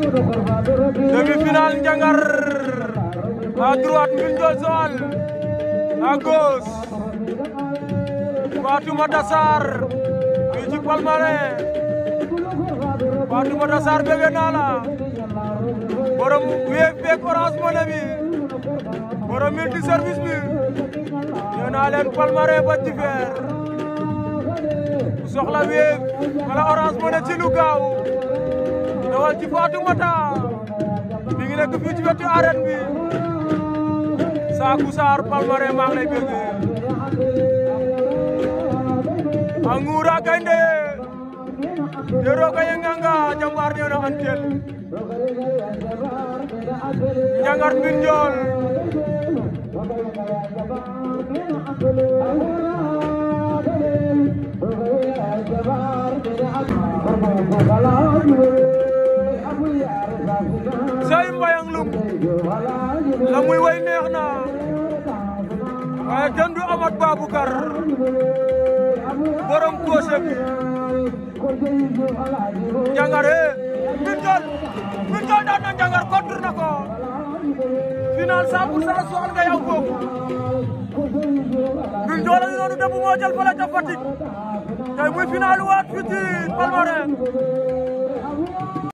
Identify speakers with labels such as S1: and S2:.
S1: demi-finale Ndiangar à droite Mbine Ndiol Joal à gauche Fatoumata Sarr fii ci Palmarin naa la borom wéef beeg orange money bi borom multi service bi nee naa leen Palmarin ba ci feer soxla wéef wala orange money ci lu ci mata, mi ngi nekk fii ci wetu arène bi Sakou Sarr Palmarin maa ngi lay bëgg Angoura Gaynde Doroka ya, jambar antel Niang Loum la muy way neex na waaye kenn du Amat Baboucar borom koose bi jangare eh, Mbitol Mbitol daan na jangar kontur na ko final 100% soxal nga yow boobu Mbitol a ngi noonu dëbb moo jël fële ca Fatick tey muy final waat fii ci Palmarin